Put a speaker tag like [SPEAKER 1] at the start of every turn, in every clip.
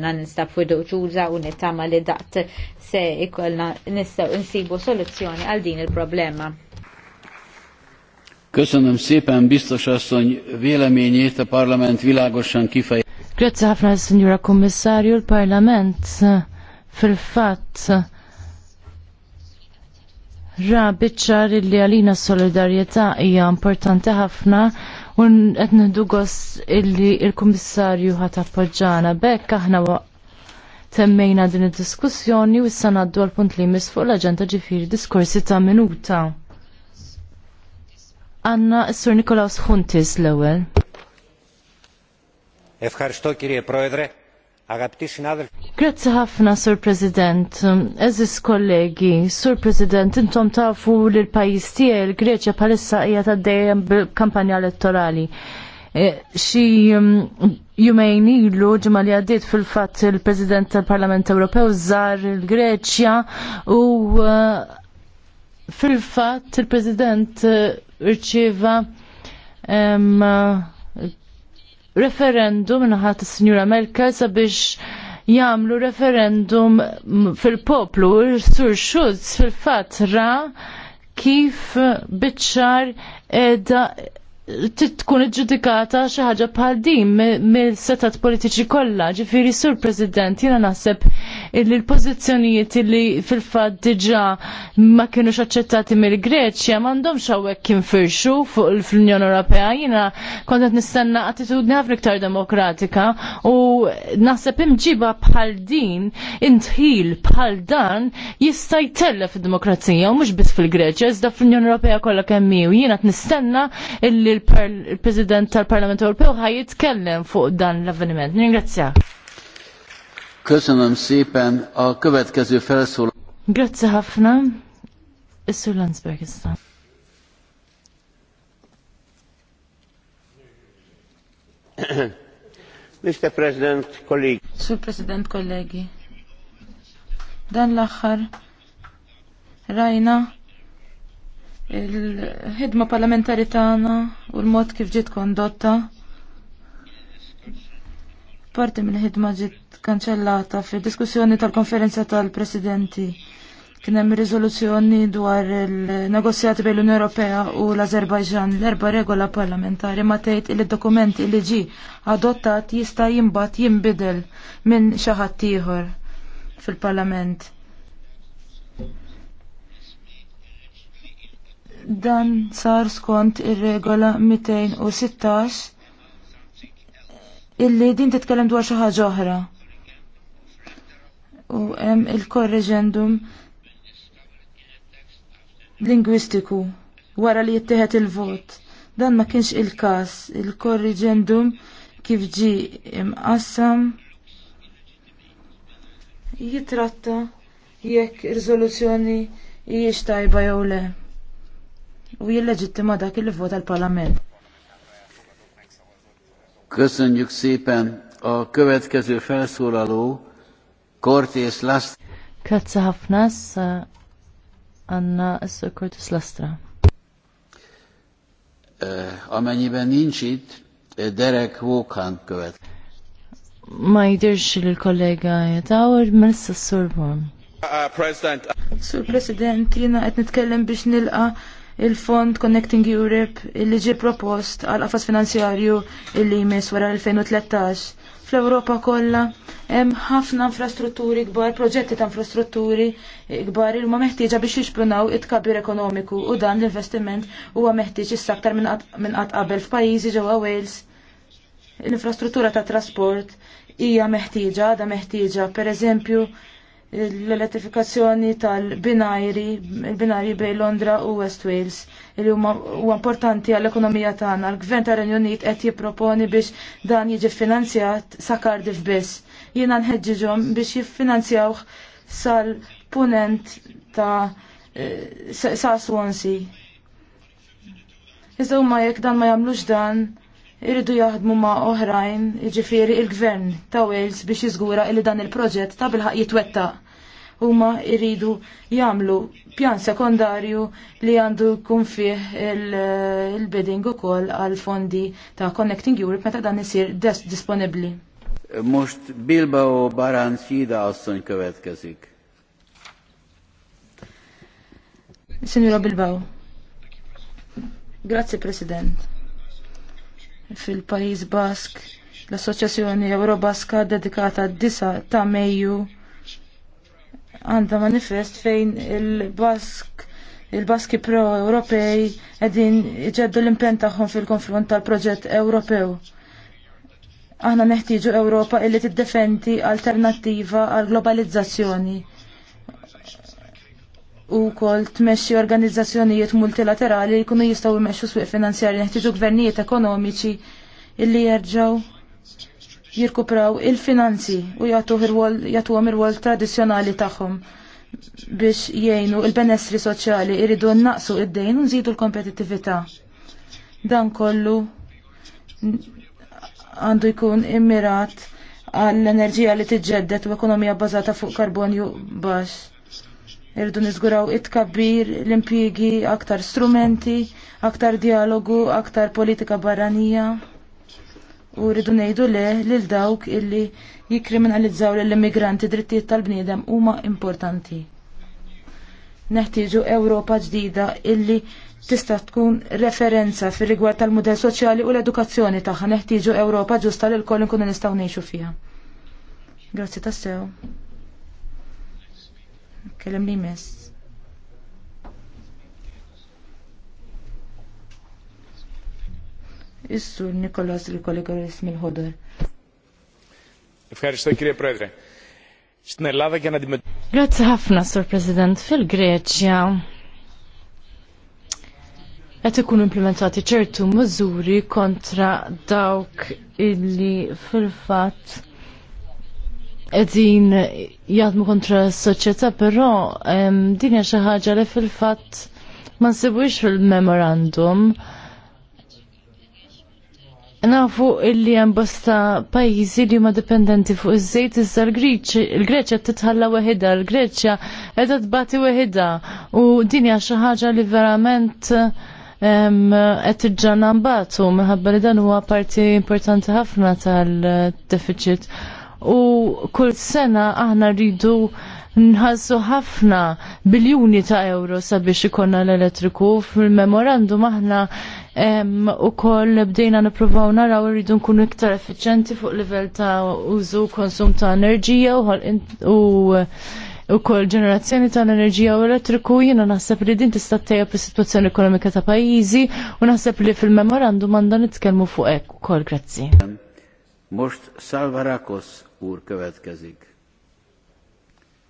[SPEAKER 1] Na nistab fiduċuża u nittama li daqt se ikolna nistaw insibu soluzzjoni għal din il-problema.
[SPEAKER 2] Köszönöm szépen biztos asszony véleményét a parlament világosan kifejezi.
[SPEAKER 3] Grazie ħafna signora kommissarju l-parlament fil-fatt ra biċċar li għalina solidarieta hija importanti ħafna u qed dugos gost illi l-Kummissarju ħat appoġġana bekk aħna temmejna din id-diskussjoni u issa ngħaddu għal punt li jmiss fuq l-aġenda ġifieri diskorsi ta' minuta. Anna s-Sur Nikolaus Huntis l-ewwel.
[SPEAKER 4] Efħarxtok, kirje Proedre. Grazie
[SPEAKER 3] ħafna, Sur President. Eżis kollegi, Sur President, intom tafu li l-pajis tiegħi l-Greċja bħalissa hija għaddejjem kampanja elettorali. E, xi mm, jumejn ilu ġimgħa li fil-fatt il-President tal-Parlament Ewropew żar il-Greċja u e, fil-fatt il-President e, irċieva referendum naħat s sinjura Merkel sabiex jamlu referendum fil-poplu. Sur Schulz fil ra kif bitxar edha tkun iġġudikata xi ħaġa bħal din mill-setat politiċi kollha. Ġifieri sur President, jiena naħseb li l-pożizzjonijiet li fil-fatt diġà ma kinux aċċettati mill-Greċja m'għandhomx hawnhekk firxu fuq l-Unjoni Ewropea. Jiena kont qed nistenna attitudni ħafna iktar demokratika u naħseb imġiba bħal din intħil bħal dan jista' jtellef id-demokrazija u mhux biss fil-Greċja iżda fl-Unjoni Ewropea kollha kemm hu. Jiena qed nistenna illi li l-President tal-Parlament Ewropew ħaj jitkellem fuq dan l-avveniment. Ningrazzja.
[SPEAKER 2] Köszönöm szépen a következő felszóló.
[SPEAKER 3] Grazie ħafna. Is-Sur Landsberg issa.
[SPEAKER 5] Mr. President, kollegi.
[SPEAKER 1] Sur President, kollegi. Dan l axar rajna il-ħidma parlamentari tagħna u l-mod kif ġiet kondotta. Parti mill-ħidma ġiet kanċellata fil diskussjoni tal-konferenza tal-presidenti. Kien hemm riżoluzzjoni dwar il-negozjati bejn l-Unjoni Ewropea u l-Azerbajġan l-erba regola parlamentari ma tgħid li d-dokument li ġi adottat jista' jimbagħad jinbidel minn xi ħadd ieħor fil-Parlament. Dan sar skont ir-regola 216 illi din titkellem dwar xi ħaġa oħra. U hemm il-korreġendum lingwistiku wara li jittieħed il-vot. Dan ma kienx il-każ, il-korreġendum kif ġi imqassam jitratta jekk riżoluzzjoni jiex tajba jew le u jillegittima dak il vota l-Parlament.
[SPEAKER 2] Köszönjük szépen a következő felszólaló Kortész Lasztra.
[SPEAKER 3] Kazza Hafnas, Anna Kortész Lasztra.
[SPEAKER 2] Eh, amennyiben nincs itt, eh, Derek Wokhan követ.
[SPEAKER 3] Ma jidirx
[SPEAKER 1] il-kollega jitawr, Melissa Surborn.
[SPEAKER 6] Uh, uh,
[SPEAKER 1] Sur President, jina għet nitkellem biex nilqa' il-Fond Connecting Europe illi ġie propost għal qafas finanzjarju illi jmiss wara 2013. Fl-Ewropa kollha hemm ħafna infrastrutturi kbar, proġetti ta' infrastrutturi kbar il meħtieġa biex jixprunaw it-kabir ekonomiku u dan l-investiment huwa meħtieġ issa aktar minn qatt qabel f'pajjiżi ġewwa Wales. L-infrastruttura ta' trasport hija meħtieġa, da meħtieġa, pereżempju l-elettrifikazzjoni tal-binari, il-binari bej Londra u West Wales, li huma importanti għall-ekonomija tagħna. L-Gvern tar-Renju Unit qed jipproponi biex dan jiġi finanzjat sa Cardiff biss. Jiena nħeġġiġhom biex jiffinanzjawh sal-punent ta' eh, sa' Swansea. Iżda huma jekk dan ma jagħmlux dan, irridu jaħdmu ma' oħrajn, ġifiri il-gvern ta' Wales biex jiżgura li dan il-proġett ta' bilħaq jitwetta huma jridu jagħmlu pjan sekondarju li għandu jkun fih il-bidding il ukoll għal fondi ta' Connecting Europe meta dan isir disponibbli.
[SPEAKER 2] Mhux Bilba u Baran Sida kwet kasik.
[SPEAKER 1] Signora Bilbao. Grazie President. Fil-Pajis Bask, l associazzjoni Eurobaska dedikata 9 ta' Mejju għandha manifest fejn il-Bask il-Baski pro-Ewropej edin iġeddu l-impen tagħhom fil-konfront tal-proġett Ewropew. Aħna neħtieġu Ewropa illi tiddefendi alternattiva għal globalizzazzjoni u kol tmexxi organizzazzjonijiet multilaterali li jkunu jistgħu jmexxu swieq finanzjarji neħtieġu gvernijiet ekonomiċi illi jerġgħu jirkupraw il-finanzi u jagħtu għom ir-wol tradizzjonali tagħhom biex jgħinu il-benessri soċjali jridu naqsu id-dejn u nżidu l-kompetittività. Dan kollu għandu jkun immirat għall-enerġija li tiġġeddet u ekonomija bazata fuq karbonju baxx. Irridu niżguraw it-kabbir, l impigi aktar strumenti, aktar dialogu, aktar politika barranija u rridu ngħidu le lil dawk illi jikkriminalizzaw lill-immigranti drittijiet tal-bniedem huma importanti. Neħtieġu Ewropa ġdida illi tista' tkun referenza fir rigward tal-mudell soċjali u l-edukazzjoni tagħha neħtieġu Ewropa ġusta lil kol nkunu nistgħu ngħixu fiha. Grazzi tassew. Kellem li mess. Is-sur Nikolas il mill-ħodor.
[SPEAKER 5] Ευχαριστώ κύριε Πρόεδρε. Στην Ελλάδα να αντιμετωπίσουμε...
[SPEAKER 3] Grazie ħafna, Sur President, fil-Greċja. Għet ikun implementati ċertu miżuri kontra dawk illi fil fat edin jadmu kontra s-soċjetà, però din hija xi ħaġa li fil-fatt ma nsibux fil-memorandum. fil memorandum nafu illi hemm bosta pajjiżi li huma dipendenti fuq iż-żejt iżda l-Greċja titħalla weħida, l-Greċja qiegħda tbati weħida u din hija xi ħaġa li verament qed tiġġana mbagħtu minħabba li dan huwa parti importanti ħafna tal-deficit. U kull sena aħna rridu nħassu ħafna biljuni ta' euro sabiex ikonna l-elettriku fil-memorandum aħna u koll bdejna niprofaw naraw rridu nkunu iktar effiċenti fuq livell ta' użu konsum ta' enerġija u u kol ġenerazzjoni tal-enerġija u elettriku jina naħseb li din tista' tejjeb fis sitwazzjoni ekonomika ta' pajjiżi u naħseb li fil-memorandum għandha nitkellmu fuq hekk ukoll grazzi.
[SPEAKER 2] Most Salvarakos ur következik.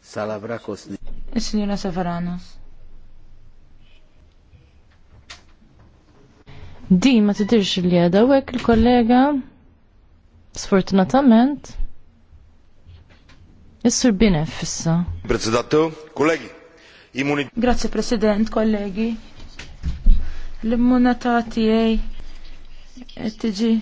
[SPEAKER 2] Salavrakos.
[SPEAKER 1] Is-Sinjura Savaranos.
[SPEAKER 3] Din ma tidirx li għadawek il-kollega sfortunatament
[SPEAKER 1] jessur sur Binef fissa.
[SPEAKER 2] kollegi, immunit.
[SPEAKER 1] Grazie President, kollegi. L-immunità tiegħi tiġi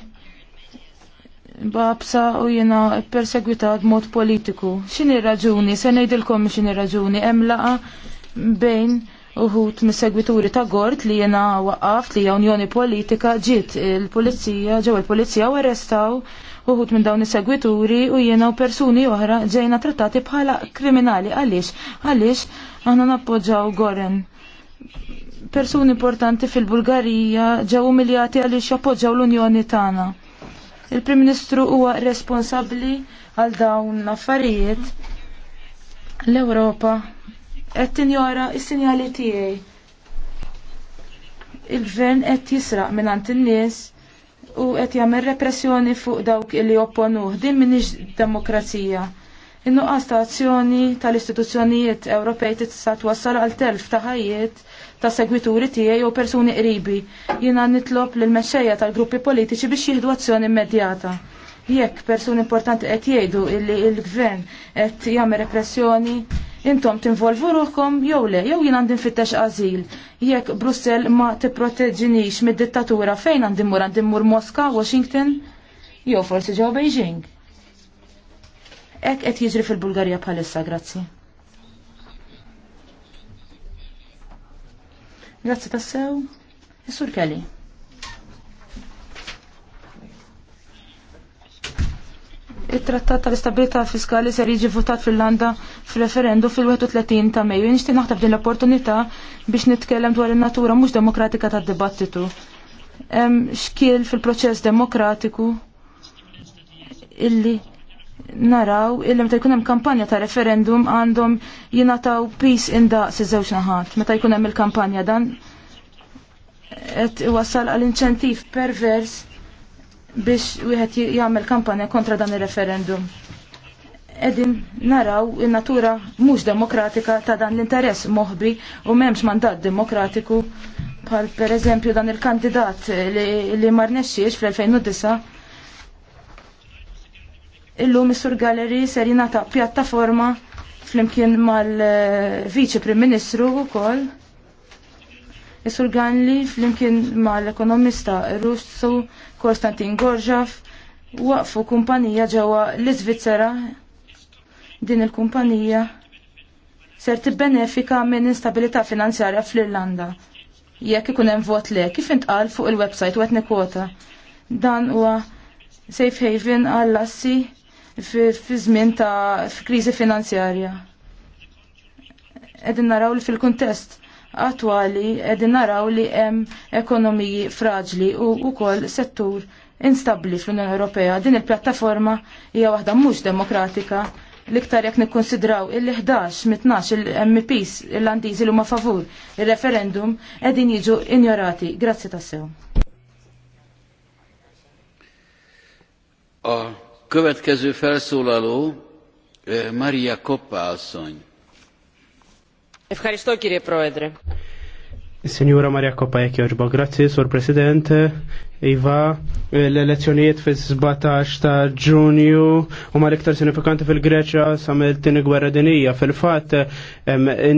[SPEAKER 1] babsa u jena perseguitat mod politiku. X'inhi raġuni? Se ngħidilkom xini raġuni hemm bejn uħut mis-segwituri ta' Gort li jena waqqaft li unjoni politika ġiet il-polizija ġew il-polizija u arrestaw uħut minn dawn is-segwituri u jena u persuni oħra ġejna trattati bħala kriminali għaliex għaliex aħna nappoġġaw Goren. Persuni importanti fil-Bulgarija ġew umiljati għaliex jappoġġaw l-Unjoni tagħna. Il-Prim Ministru huwa responsabbli għal dawn l-affarijiet l-Ewropa qed tinjora s-sinjali tiegħi. Il-gvern qed jisraq mingħand in-nies u qed jagħmel repressjoni fuq dawk li opponuh din m'iniex demokrazija. In-nuqqas ta' azzjoni tal-istituzzjonijiet Ewropej tista' twassal għal telf ta' ħajjiet ta' segwituri tiegħi u persuni qribi. Jiena nitlob lil mexxejja tal-gruppi politiċi biex jieħdu azzjoni immedjata. Jekk persuni importanti qed jgħidu li l-gvern qed jagħmel repressjoni intom tinvolvu ruħkom jew le, jew jien għandi fittex azil. Jekk Brussel ma tipproteġġinix mid-dittatura fejn għandin mur għandin mur Moska, Washington, jew forsi ġew Beijing. Ek qed jiġri fil-Bulgarija bħalissa, grazzi. Grazzi tassew. is Kelly. it-trattat tal-istabilità fiskali ser jiġi votat fil-Landa fil-referendu fil-31 ta' Mejju. Nixti naħtab din l-opportunità biex nitkellem dwar in-natura mhux demokratika tad-dibattitu. Hemm xkiel fil-proċess demokratiku illi naraw illi meta jkun hemm kampanja ta' referendum għandhom jingħataw peace in daqs iż-żewġ naħat. Meta jkun hemm il-kampanja dan qed iwassal għal inċentiv pervers biex wieħed jagħmel kampanja kontra dan ir-referendum. Edin naraw in-natura mhux demokratika ta' dan l-interess moħbi u m'hemmx mandat demokratiku bħal pereżempju dan il-kandidat li, li mar fl-2009 illum is-Sur Gallery ser jingħata pjattaforma flimkien mal-Viċi eh, Prim Ministru wkoll Isur Ganli flimkien ma l-ekonomista Russu Konstantin Gorġaf waqfu kumpanija ġewwa l-Iżvizzera din il-kumpanija ser tibbenefika minn instabilità finanzjarja fl-Irlanda. Jekk ikun hemm vot le, kif intqal fuq il-website wet nikota. Dan huwa safe haven għall-assi fi żmien ta' kriżi finanzjarja. Qegħdin naraw li fil-kuntest attwali qegħdin naraw li hemm ekonomiji fraġli u wkoll settur instabli fl-Unjoni Ewropea. Din il-pjattaforma hija waħda mhux demokratika l-iktar jekk nikkonsidraw il-11 mit-12 il-MPs irlandiżi li huma favur ir-referendum qegħdin jiġu injorati. Grazzi tassew.
[SPEAKER 2] A következő felszólaló eh, Maria Koppa asszony.
[SPEAKER 1] Ifkaristo, kirje proedre.
[SPEAKER 5] Signora Maria Kopajek Jorġba, grazzi, Sur President. Iva, eh, l-elezzjonijiet fil-17 ta' ġunju u ma l-iktar sinifikanti fil-Greċa samil tini gwerra dinija. Fil-fat,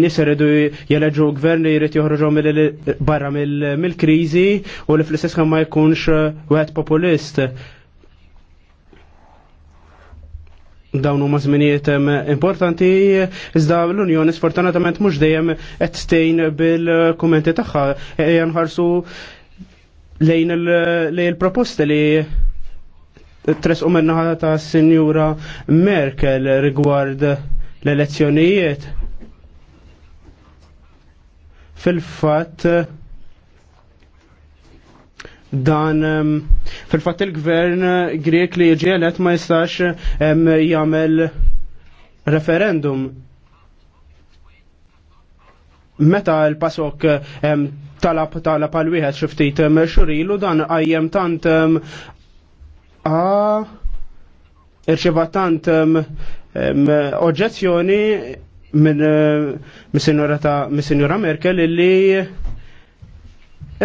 [SPEAKER 5] nis rridu jeleġu gvern li jrid joħroġu barra mill-krizi u li fl-istess ma jkunx wieħed populist. dawn huma żminijiet importanti iżda l-Unjoni sfortunatament mhux dejjem qed stejn bil-kumenti tagħha hija e, e, nħarsu lejn il-proposti li tresqu minnaħa ta' Sinjura Merkel rigward l-elezzjonijiet. Fil-fatt dan fil-fatt il-gvern Grek li ġielet ma jistax jagħmel referendum meta l-pasok talab talab għal wieħed xi ftit xurilu dan għajjem tant a irċeva tant oġġezzjoni minn eh, mis-sinjora Merkel illi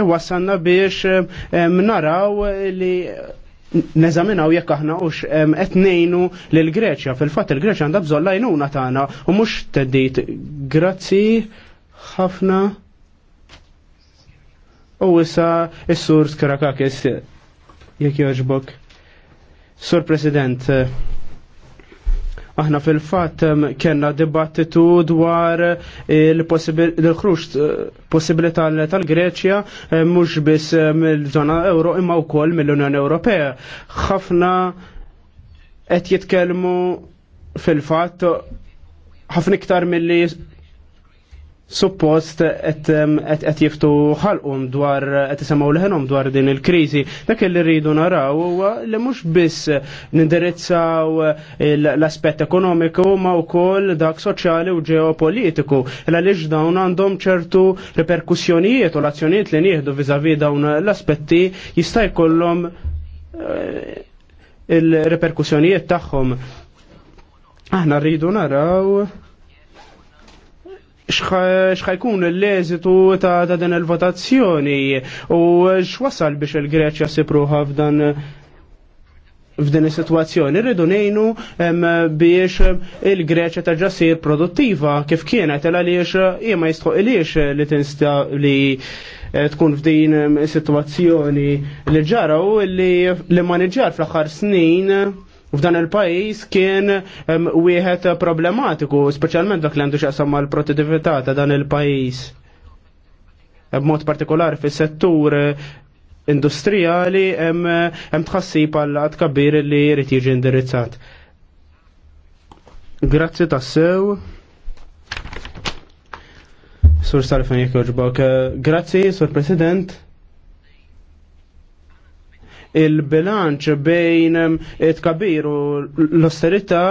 [SPEAKER 5] wassanna biex naraw li neżaminaw jekk aħna ux qed ngħinu Greċja. Fil-fatt il-Greċja għandha bżonn lajnuna tagħna u mhux teddit grazzi ħafna. U issa s sur Skrakakis jekk jogħġbok. Sur President, Aħna fil fat kena dibattitu dwar il ħruċ eh, possibilità tal-Greċja eh, mhux biss eh, mill-żona euro imma wkoll mill-Unjoni Ewropea. Ħafna qed jitkellmu fil-fatt ħafna iktar mill-li suppost qed jiftu ħalqhom dwar qed isemgħu leħenhom dwar din il-kriżi. Dak li rridu naraw huwa li mhux biss nindirizzaw l-aspett ekonomiku ma wkoll dak soċjali u ġeopolitiku. Għaliex dawn għandhom ċertu reperkussjonijiet u l-azzjonijiet li nieħdu viżavi dawn l-aspetti jista' jkollhom eh, il-reperkussjonijiet tagħhom. Aħna rridu naraw xħajkun l-eżitu ta' din il-votazzjoni u x'wasal biex il-Greċja sipruħa f'dan f'din is-sitwazzjoni rridu ngħinu biex il-Greċja terġa' sir produttiva kif kienet il għaliex hija ma jistħoqilix li tinsta li eh, tkun f'din is-sitwazzjoni li ġara u li ma maniġġar fl-aħħar snin U f'dan il-pajis kien wieħed problematiku, speċjalment dak li għandu xaqsam mal protettività ta' dan il-pajis. B'mod partikolari fis-settur eh, industrijali hemm tħassib għal kabir li jrid jiġi indirizzat. Grazzi tassew. Sur Salfan jekk jogħġbok, eh, Grazzi, Sur President il-bilanċ bejn it-kabir u l osterita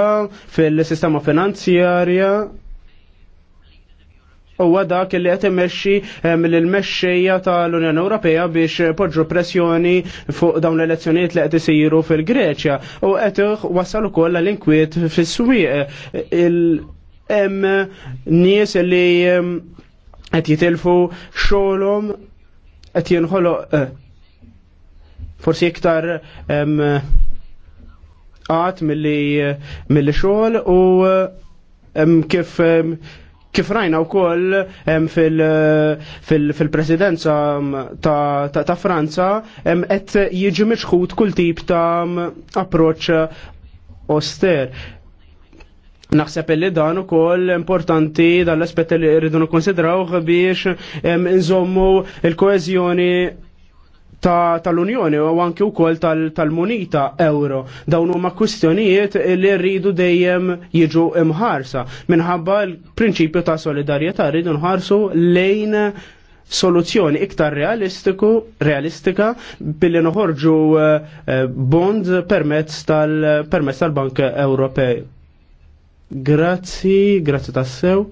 [SPEAKER 5] fil-sistema finanzjarja u dak li qed imexxi mill-mexxejja tal-Unjoni Ewropea biex poġġu pressjoni fuq dawn l-elezzjonijiet li qed isiru fil-Greċja u qed wasal ukoll l-inkwiet fis-swieq il-hemm nies li qed jitilfu xogħolhom qed jinħoloq eh, forsi iktar għat mill-li xogħol u kif kif rajna wkoll fil-presidenza ta' Franza qed jiġi miċħud kull tip ta' approċċ oster. Naħseb li dan ukoll importanti dal-aspett li rridu nikkonsidrawh biex nżommu l koeżjoni tal-Unjoni u anke wkoll tal-munita euro. Dawn huma kwistjonijiet li rridu dejjem jiġu imħarsa minħabba l-prinċipju ta' solidarjetà rridu nħarsu lejn soluzzjoni iktar realistiku, realistika billi noħorġu eh, eh, bond permezz tal-Bank Ewropej. Grazzi, grazzi tassew.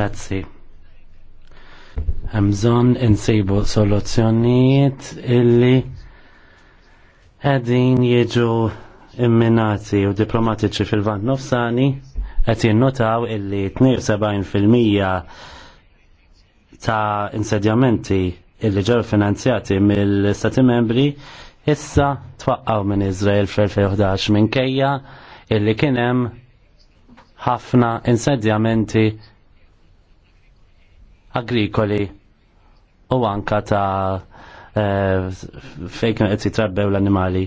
[SPEAKER 4] Grazzi. Hemżon insibu soluzzjonijiet illi għedin jieġu imminati u diplomatiċi fil-vant nofsani għet jinnotaw illi 72% ta' insedjamenti illi ġew finanzjati mill-Stati membri issa twaqqaw minn Izrael fl-2011 minkejja illi kien hemm ħafna insedjamenti agrikoli u anka ta' eh, fejn qed jitrabbew l-annimali.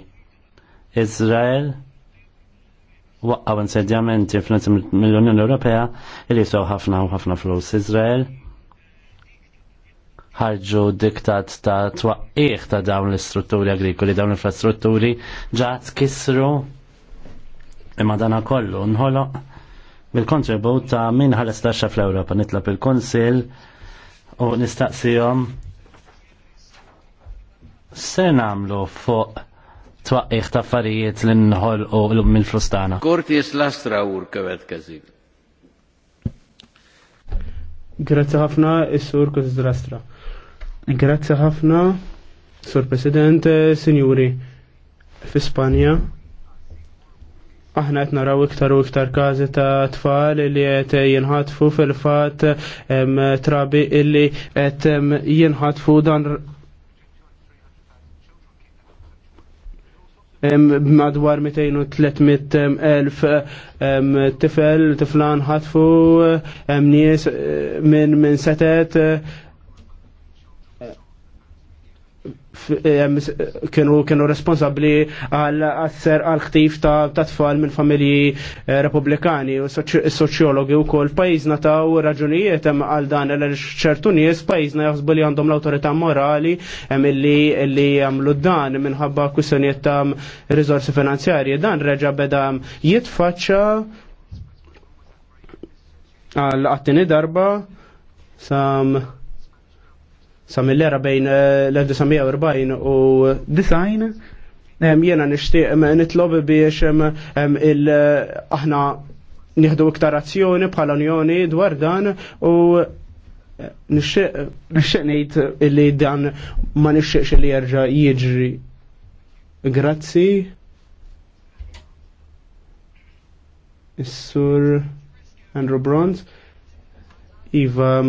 [SPEAKER 4] Izrael waqgħu insedjamenti fl mill-Unjoni Ewropea li jiswew ħafna u ħafna flus. Izrael ħarġu diktat ta' twaqqih ta' dawn l-istrutturi agrikoli, dawn l-infrastrutturi ġat kisru imma dana kollu nħoloq bil-kontribut ta' min ħares taxxa fl-Ewropa nitlob il-Konsil u nistaqsijom se namlu fuq twaqqiħ ta' affarijiet li nħol u l-um minn frustana. Kurtis lastra ur kavet kazin.
[SPEAKER 5] Grazzi ħafna, is-sur Kurtis lastra. Grazzi ħafna, sur President, Sinjuri, fi Spanja, aħna qed naraw iktar u iktar każi ta' tfal li qed jinħatfu fil-fatt trabi illi qed jinħatfu dan madwar 200-300 elf tifel, tiflan ħatfu, nies minn min setet, kienu kienu responsabli għal asser għal ħtif ta' tfal minn familji eh, republikani u soċjologi u kol pajizna ta' u raġunijiet għal dan l ċertu nies pajizna jaħsbu li għandhom l-autorità morali li li għamlu dan minħabba kwissjonijiet ta' rizorsi finanzjarji dan reġa beda jitfaċċa għal għattini darba sam sa mill-era bejn eh, l-1940 u design jena nishtiq nitlob biex aħna nieħdu iktar azzjoni bħala unjoni dwar dan u eh, nixtieq ngħid illi dan ma nixtieqx li jerġa' jiġri. Grazzi. Is-sur Andrew Bronze. Iva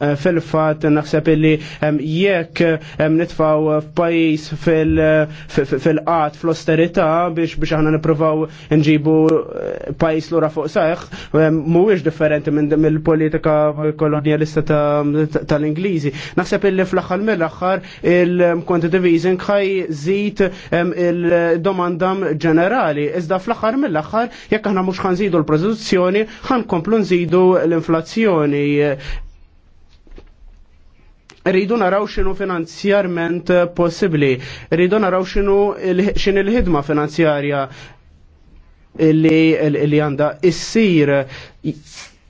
[SPEAKER 5] Eh, fil-fat naħseb illi jekk nitfaw f'pajis fil-qat fl osterità biex biex aħna nippruvaw nġibu eh, pajis lura fuq saħħ mhuwiex differenti minn il-politika kolonjalista tal-Ingliżi. Naħseb illi fl-aħħar mill-aħħar il-quantitative easing ħaj żid il-domandam ġenerali. Iżda fl-aħħar mill-aħħar jekk aħna mhux ħanżidu l-produzzjoni ħankomplu nżidu l-inflazzjoni rridu naraw xinu finanzjarment eh, possibli, rridu naraw xinu xin il-ħidma finanzjarja li għanda issir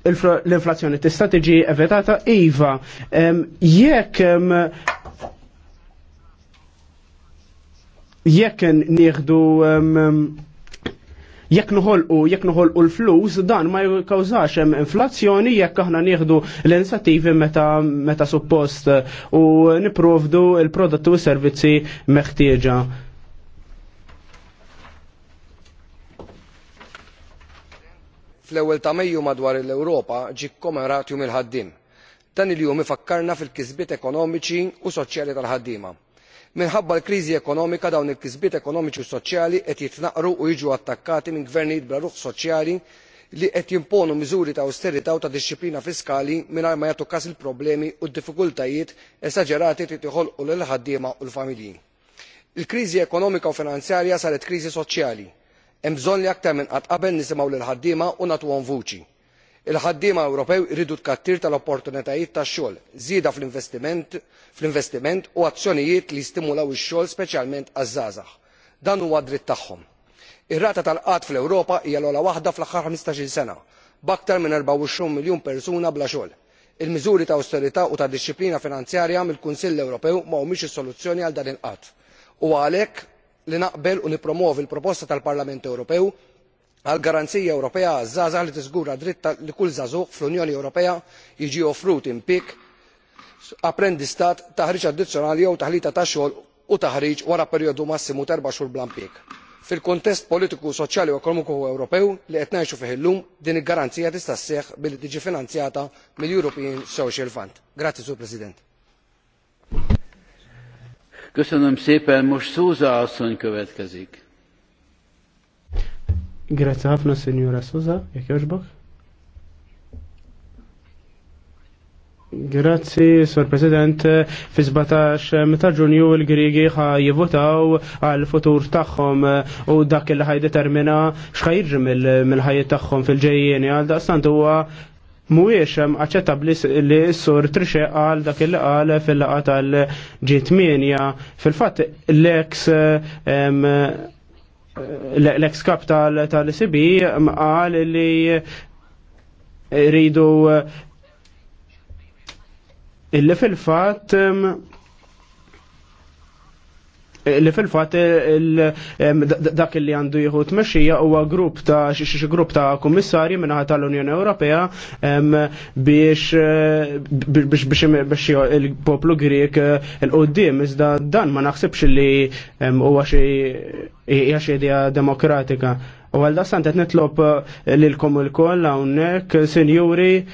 [SPEAKER 5] l-inflazzjoni tista' tiġi evitata iva. Jekk jekk nieħdu jekk noħolqu jekk nħolqu l-flus dan ma jikkawżax hemm inflazzjoni jekk aħna nieħdu l-inizjattivi meta meta suppost eh, u niprovdu il-prodotti u s servizzi meħtieġa.
[SPEAKER 7] Fl-ewwel ta' Mejju madwar l-Ewropa ġi kkomerat jum il Dan il-jum ifakkarna fil-kisbiet ekonomiċi u soċjali tal-ħaddiema minħabba l-kriżi ekonomika dawn il-kisbiet ekonomiċi u soċjali qed jitnaqqru u jiġu attakkati minn gvernijiet bla ruħ soċjali li qed jimponu miżuri ta' awsterità u ta' dixxilpina fiskali mingħajr ma jagħtu każ il-problemi u d-diffikultajiet esaġerati li iħolqu lil ħaddiema u l-familji. il-kriżi ekonomika u finanzjarja saret kriżi soċjali hemm bżonn li aktar minn qatt qabel nisimgħu lil ħaddiema u nagħtuhom vuċi il ħaddiema ewropew iridu tkattir tal opportunitajiet tax-xogħol żieda fl-investiment u azzjonijiet li jistimulaw ix-xogħol speċjalment għaż-żgħażagħ dan huwa dritt tagħhom. ir-rata tal qgħad fl-ewropa hija l ogħla waħda fl-aħħar 15-il sena b'aktar minn 24 miljun persuna bla xogħol. il-miżuri ta' awsterità u ta' dixxilpina finanzjarja mill-kunsill ewropew m'humiex is-soluzzjoni għal dan il qatt u għalhekk li naqbel u nippromovi l-proposta tal-parlament ewropew għal garanzija ewropea għaż-żgħażagħ li tiżgura dritt li kull żagħżugħ fl-unjoni ewropea jiġi offrut impjieg apprendistat taħriġ addizzjonali jew taħlita ta' xogħol u taħriġ wara perjodu massimu ta' erba' xhur bla impjieg. fil-kuntest politiku soċjali u ekonomiku ewropew li qed ngħixu fih illum din il-garanzija tista' sseħħ billi tiġi finanzjata mill-european social fund. grazzi sur president.
[SPEAKER 2] Köszönöm szépen, most Szóza asszony következik.
[SPEAKER 5] Grazie ħafna Sinjura Suza, jekk jogħġbok. Grazzi, Sor President. Fi 17 eh, ta' ġunju l-Grigi ħa jivvotaw għal futur tagħhom eh, u dak il ħaj determina x'ħajġi mill-ħajja tagħhom fil-ġejjieni għal daqstant huwa mhuwiex eh, aċċettabbli li s-sur trixxe qal dak il qal fil-laqgħa g fil-fatt l-eks l-ex-kap tal cb qal li rridu eh, illi fil-fat li fil-fat dak li għandu t-mexija huwa grupp ta' xi grupp ta' kummissarji minnaħa tal-Unjoni Ewropea eh, biex biex biex il-poplu Grek eh, il-qoddim iżda dan ma naħsibx li huwa għaxi xi idea demokratika U għalda għet nitlob eh, l-kom l koll għawnek, senjuri,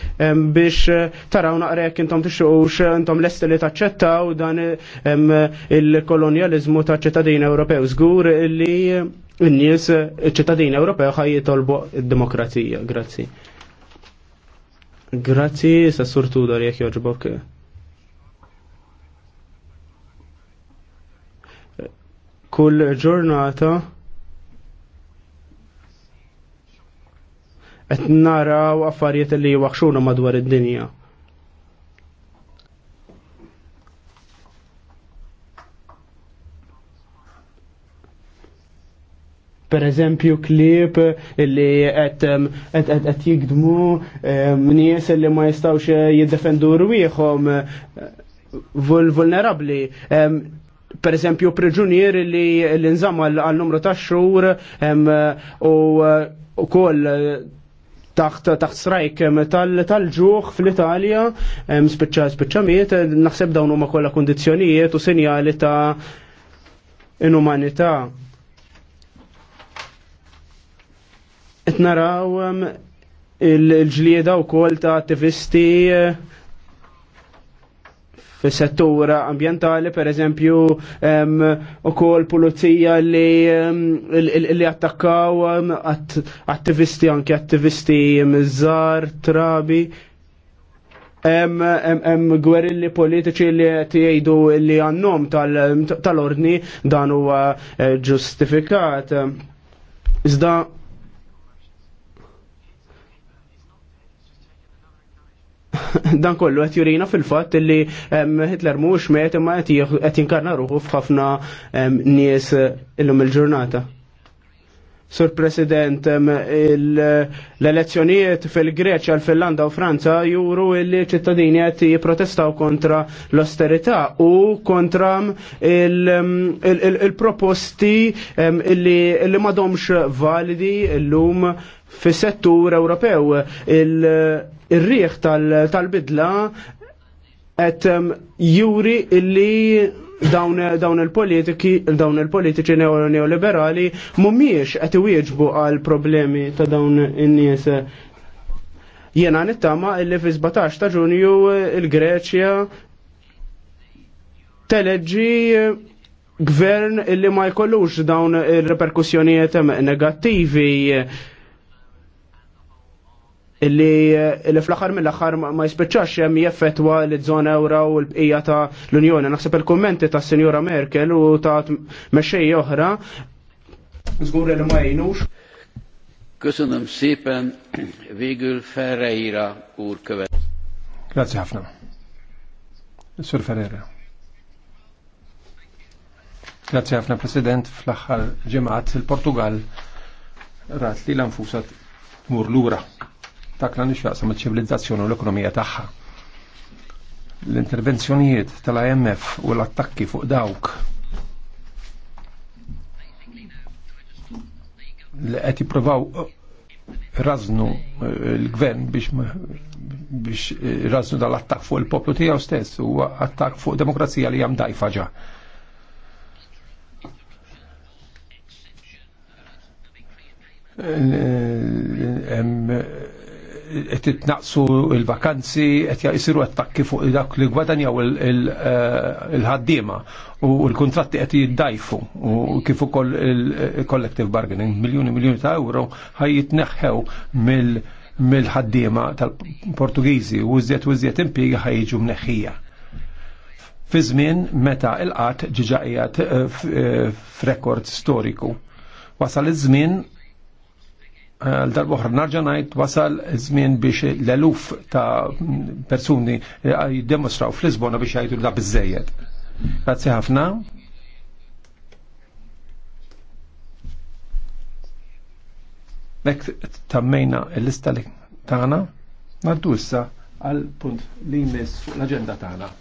[SPEAKER 5] biex eh, taraw naqrek intom t eh, intom l-est li taċċettaw dan il-kolonializmu ta' ċittadin Ewropew. Zgur li n-nies ċittadin Ewropew ħaj jitolbu demokrazija. Grazzi. Grazzi, sassur Tudor, jek joġbok. Kull ġurnata qed naraw affarijiet li waħxuna madwar id-dinja. per eżempju klip li qed jikdmu nies li ma jistawx eh, jiddefendu rwieħhom eh, vulnerabli. Per eżempju preġunier li l-inżamma għal numru ta' xhur eh, u koll taħt taħt strajk tal-ġuħ fl-Italja, spiċċa miet, naħseb dawn huma kollha kundizzjonijiet u sinjali ta' inumanità. Qed il-ġlieda wkoll ta' attivisti fil settur ambientali, per eżempju, ukoll pulizija li, li attakkaw attivisti, anke attivisti mizzar, trabi. Hemm gwerilli politiċi li jgħidu li għannom tal-ordni dan huwa eh, ġustifikat. Iżda dan kollu qed jurina fil-fatt li Hitler mhux met imma qed jinkarna ruħu f'ħafna nies illum il-ġurnata. Sur President, l-elezzjonijiet fil-Greċja, l-Finlanda u Franza juru li ċittadini qed jipprotestaw kontra l-austerità u kontra il-proposti li madomx validi l-lum fis-settur Ewropew. Il-riħ tal-bidla qed juri illi dawn il-politiki, dawn il-politiċi neoliberali mumiex qed iwieġbu għal problemi ta' dawn in-nies. Jena nittama li fi 17 ta' ġunju il-Greċja teleġġi gvern illi ma jkollux dawn ir reperkussjonijiet negattivi li eh, fl-axar mill-axar ma jispiċċax hemm jeffettwa li żona ewra u l-bqija ta' l-Unjoni. Naħseb il-kummenti ta' Sinjora Merkel u ta' mexxej oħra
[SPEAKER 6] żgur li ma jgħinux.
[SPEAKER 2] Köszönöm szépen, végül Ferreira úr követ.
[SPEAKER 6] Grazie ħafna. Sur Ferreira. Grazie ħafna President, fl-aħħar ġemat il-Portugal rat li l-anfusat tmur lura dak l-għandu xaqsam il-ċivilizzazzjoni u l-ekonomija tagħha. L-intervenzjonijiet tal-IMF u l-attakki fuq dawk li qed jippruvaw uh, raznu uh, l-gvern biex biex uh, raznu dal-attak fuq il-poplu tiegħu stess u attak fuq demokrazija li jam dajfa ġa titnaqsu il-vakanzi, qed jisiru attakki fuq dak li gwadanjaw eh, il-ħaddiema u l-kontratti qed jiddajfu u kif ukoll il-collective eh, bargaining, miljuni miljuni ta' euro ħaj jitneħħew mill-ħaddiema tal-Portugiżi u iżjed u impiega impjiegi ħajġu mneħħija fi żmien meta il-qatt ġiġaqijat eh, f-rekord storiku. Wasal iż-żmien Darboħra narġa' ngħid wasal żmien biex l-eluf ta' persuni eh, jiddemostraw fl-Lisbona biex jgħidu da biżejjed. Grazzi ħafna. Mek tammejna l-lista li tagħna, naddu issa għal punt li jmiss fuq l-aġenda tagħna.